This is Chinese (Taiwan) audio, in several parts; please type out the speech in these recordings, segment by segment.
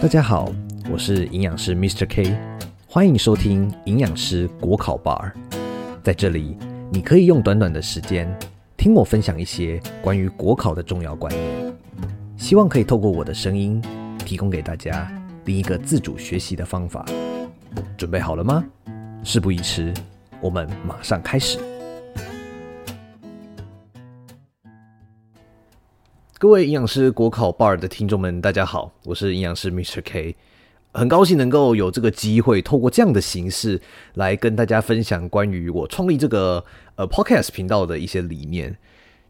大家好，我是營養師 Mr. K，歡迎收聽營養師國考 Bar。在這裡，你可以用短短的時間聽我分享一些關於國考的重要觀念，希望可以透過我的聲音，提供給大家另一個自主學習的方法。準備好了嗎？事不宜遲，我們馬上開始。各位營養師國考 Bar 的聽眾們，大家好，我是營養師 Mr K，很高興能夠有這個機會，透過這樣的形式來跟大家分享關於我創立這個呃 Podcast 頻道的一些理念。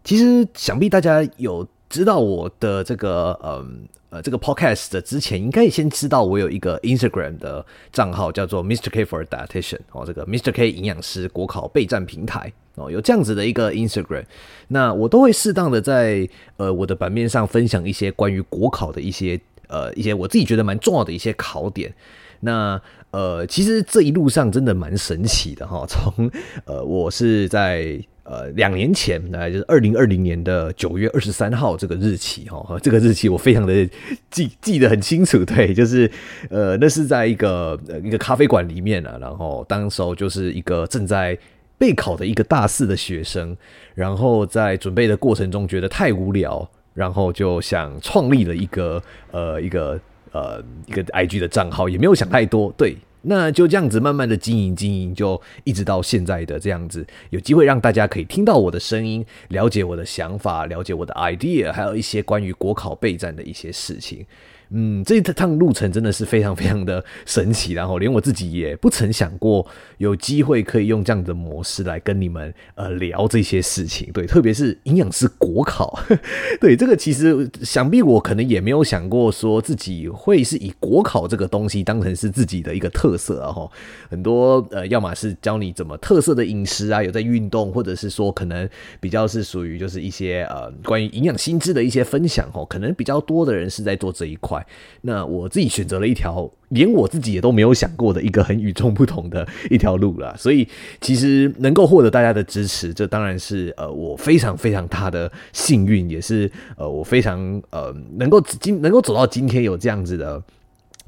其實想必大家有。知道我的這個嗯呃這個 podcast 的之前，應該先知道我有一個 Instagram 的賬號，叫做 Mr K for Dietitian 哦，這個 Mr K 營養師國考備戰平台哦，有這樣子的一個 Instagram，那我都會適當的在呃我的版面上分享一些關於國考的一些呃一些我自己覺得蠻重要的一些考點。那呃其實這一路上真的蠻神奇的哈，從呃我是在呃，兩年前，來、呃、就是二零二零年的九月二十三號這個日期，哦，這個日期我非常的記記得很清楚，對，就是呃，那是在一個、呃、一個咖啡館裡面啊，然後當時候就是一個正在備考的一個大四的學生，然後在準備的過程中覺得太無聊，然後就想創立了一個呃一個呃一個 IG 的賬號，也沒有想太多，對。那就這樣子慢慢的經營經營，就一直到現在的這樣子，有機會讓大家可以聽到我的聲音，了解我的想法，了解我的 idea，還有一些關於國考備戰的一些事情。嗯，這一趟路程真的是非常非常的神奇的，然後連我自己也不曾想過有機會可以用這樣的模式來跟你們呃聊這些事情，對，特別是營養師國考， 對這個其實想必我可能也沒有想過，說自己會是以國考這個東西當成是自己的一個特色，啊，吼很多呃要麼是教你怎麼特色的飲食啊，有在運動，或者是說可能比較是屬於就是一些呃關於營養新知的一些分享，哦，可能比較多的人是在做這一塊。那我自己選擇了一條連我自己也都沒有想過的一個很與眾不同的一條路了，所以其實能夠獲得大家的支持，這當然是呃我非常非常大的幸運，也是呃我非常呃能夠今能夠走到今天有這樣子的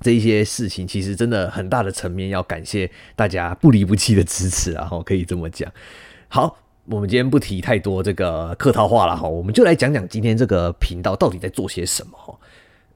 這一些事情，其實真的很大的層面要感謝大家不離不棄的支持，啊。可以這麼講。好，我們今天不提太多這個客套話了哈，我們就來講講今天這個頻道到底在做些什麼。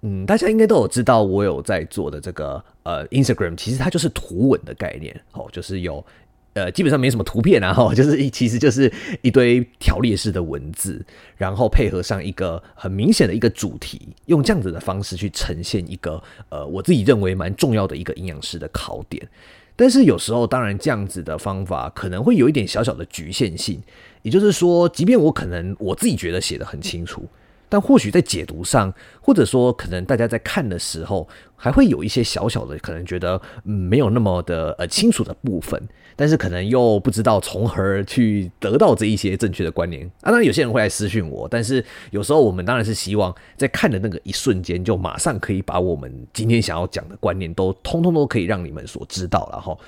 嗯，大家應該都有知道，我有在做的這個呃，Instagram，其實它就是圖文的概念，哦，就是有呃，基本上沒什麼圖片啊，然後、哦、就是一其實就是一堆條列式的文字，然後配合上一個很明顯的一個主題，用這樣子的方式去呈現一個呃，我自己認為蠻重要的一個營養師的考點。但是有時候，當然這樣子的方法可能會有一點小小的局限性，也就是說，即便我可能我自己覺得寫得很清楚。但或許在解讀上，或者說可能大家在看的時候，還會有一些小小的可能覺得、嗯、沒有那麼的呃清楚的部分，但是可能又不知道從何去得到這一些正確的觀念啊。當然有些人會來私訊我，但是有時候我們當然是希望在看的那個一瞬間，就馬上可以把我們今天想要講的觀念都通通都可以讓你們所知道了吼。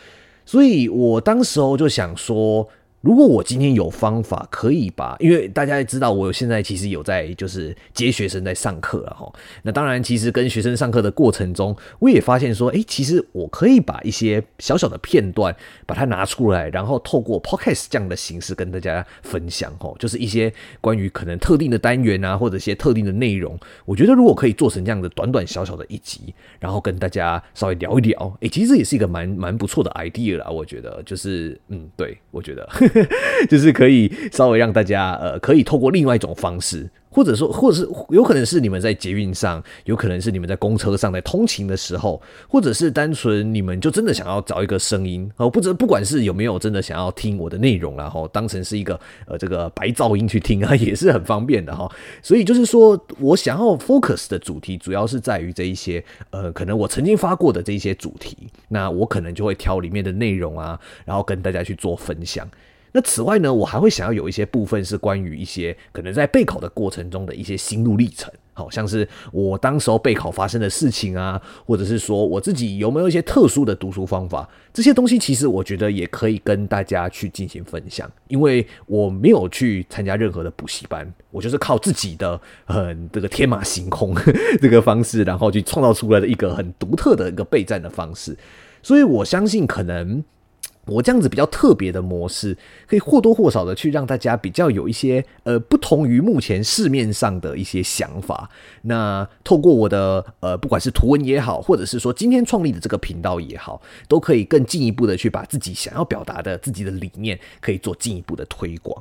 所以我當時候就想說，如果我今天有方法可以把，因為大家也知道，我現在其實有在就是接學生在上課了、啊、吼。那當然，其實跟學生上課的過程中，我也發現說，誒，其實我可以把一些小小的片段把它拿出來，然後透過 podcast 這樣的形式跟大家分享吼，就是一些關於可能特定的單元啊，或者一些特定的內容，我覺得如果可以做成這樣的短短小小的一集，然後跟大家稍微聊一聊，誒，其實也是一個蠻蠻不錯的 idea 啦，我覺得就是，嗯，對我覺得。 就是可以稍微讓大家呃，可以透過另外一種方式，或者說，或者是有可能是你們在捷運上，有可能是你們在公車上在通勤的時候，或者是單純你們就真的想要找一個聲音，哦，不知不管是有沒有真的想要聽我的內容，啊，然後當成是一個呃這個白噪音去聽啊，也是很方便的哈，哦。所以就是說我想要 focus 的主題，主要是在於這一些呃，可能我曾經發過的這一些主題，那我可能就會挑裡面的內容啊，然後跟大家去做分享。那此外呢，我還會想要有一些部分是關於一些可能在備考的過程中的一些心路歷程，好像是我當時候備考發生的事情啊，或者是說我自己有沒有一些特殊的讀書方法，這些東西其實我覺得也可以跟大家去進行分享，因為我沒有去參加任何的補習班，我就是靠自己的很、嗯、這個天馬行空 這個方式，然後去創造出來的一個很獨特的一個備戰的方式，所以我相信可能。我這樣子比較特別的模式，可以或多或少的去讓大家比較有一些呃不同於目前市面上的一些想法。那透過我的呃不管是圖文也好，或者是說今天創立的這個頻道也好，都可以更進一步的去把自己想要表達的自己的理念，可以做進一步的推廣。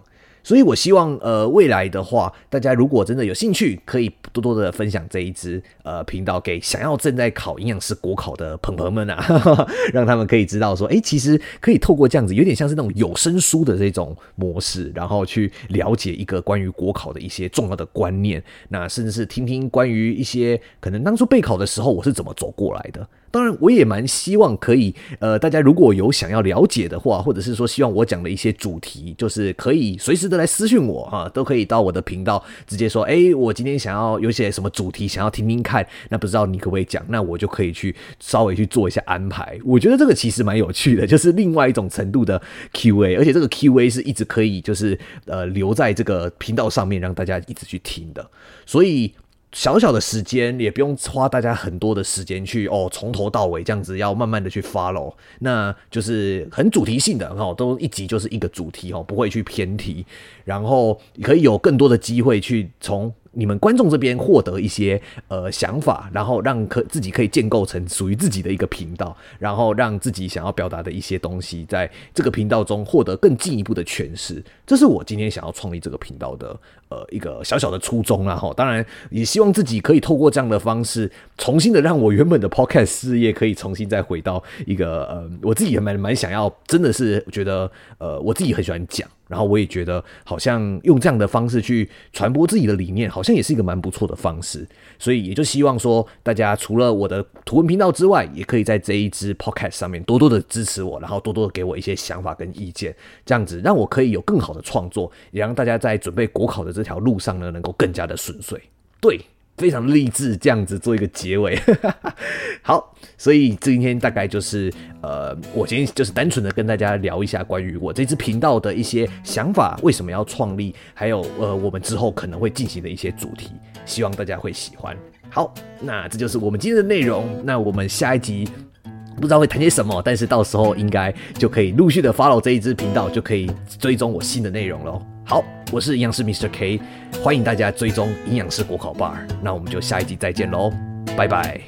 所以，我希望，呃，未來的話，大家如果真的有興趣，可以多多的分享這一支，呃，頻道給想要正在考營養師國考的朋友們啊，哈哈哈，讓他們可以知道說，哎，其實可以透過這樣子，有點像是那種有聲書的這種模式，然後去了解一個關於國考的一些重要的觀念，那甚至是聽聽關於一些可能當初備考的時候我是怎麼走過來的。當然，我也蠻希望可以，呃，大家如果有想要了解的話，或者是說希望我講的一些主題，就是可以隨時的來私信我啊，都可以到我的頻道直接說，誒，我今天想要有些什麼主題想要聽聽看，那不知道你可不可以講，那我就可以去稍微去做一下安排。我覺得這個其實蠻有趣的，就是另外一種程度的 QA，而且這個 QA 是一直可以，就是呃留在這個頻道上面讓大家一直去聽的，所以。小小的時間也不用花大家很多的時間去哦，從頭到尾這樣子要慢慢的去 follow，那就是很主題性的哦，都一集就是一個主題哦，不會去偏題，然後可以有更多的機會去從你們觀眾這邊獲得一些呃想法，然後讓可自己可以建構成屬於自己的一個頻道，然後讓自己想要表達的一些東西在這個頻道中獲得更進一步的詮釋。這是我今天想要創立這個頻道的。呃，一個小小的初衷啊。哈，當然也希望自己可以透過這樣的方式，重新的讓我原本的 podcast 事業可以重新再回到一個呃，我自己也蠻蠻想要，真的是覺得呃，我自己很喜歡講，然後我也覺得好像用這樣的方式去傳播自己的理念，好像也是一個蠻不錯的方式，所以也就希望說大家除了我的圖文頻道之外，也可以在這一支 podcast 上面多多的支持我，然後多多的給我一些想法跟意見，這樣子讓我可以有更好的創作，也讓大家在準備國考的這條路上呢，能夠更加的順遂，對，非常勵志，這樣子做一個結尾。 好，所以今天大概就是，呃，我今天就是單純的跟大家聊一下關於我這支頻道的一些想法，為什麼要創立，還有呃，我們之後可能會進行的一些主題，希望大家會喜歡。好，那這就是我們今天的內容，那我們下一集不知道會談些什麼，但是到時候應該就可以陸續的 follow 這一支頻道，就可以追蹤我新的內容嘍。好，我是營養師 Mr. K，歡迎大家追蹤營養師國考 Bar，那我們就下一集再見嘍，拜拜。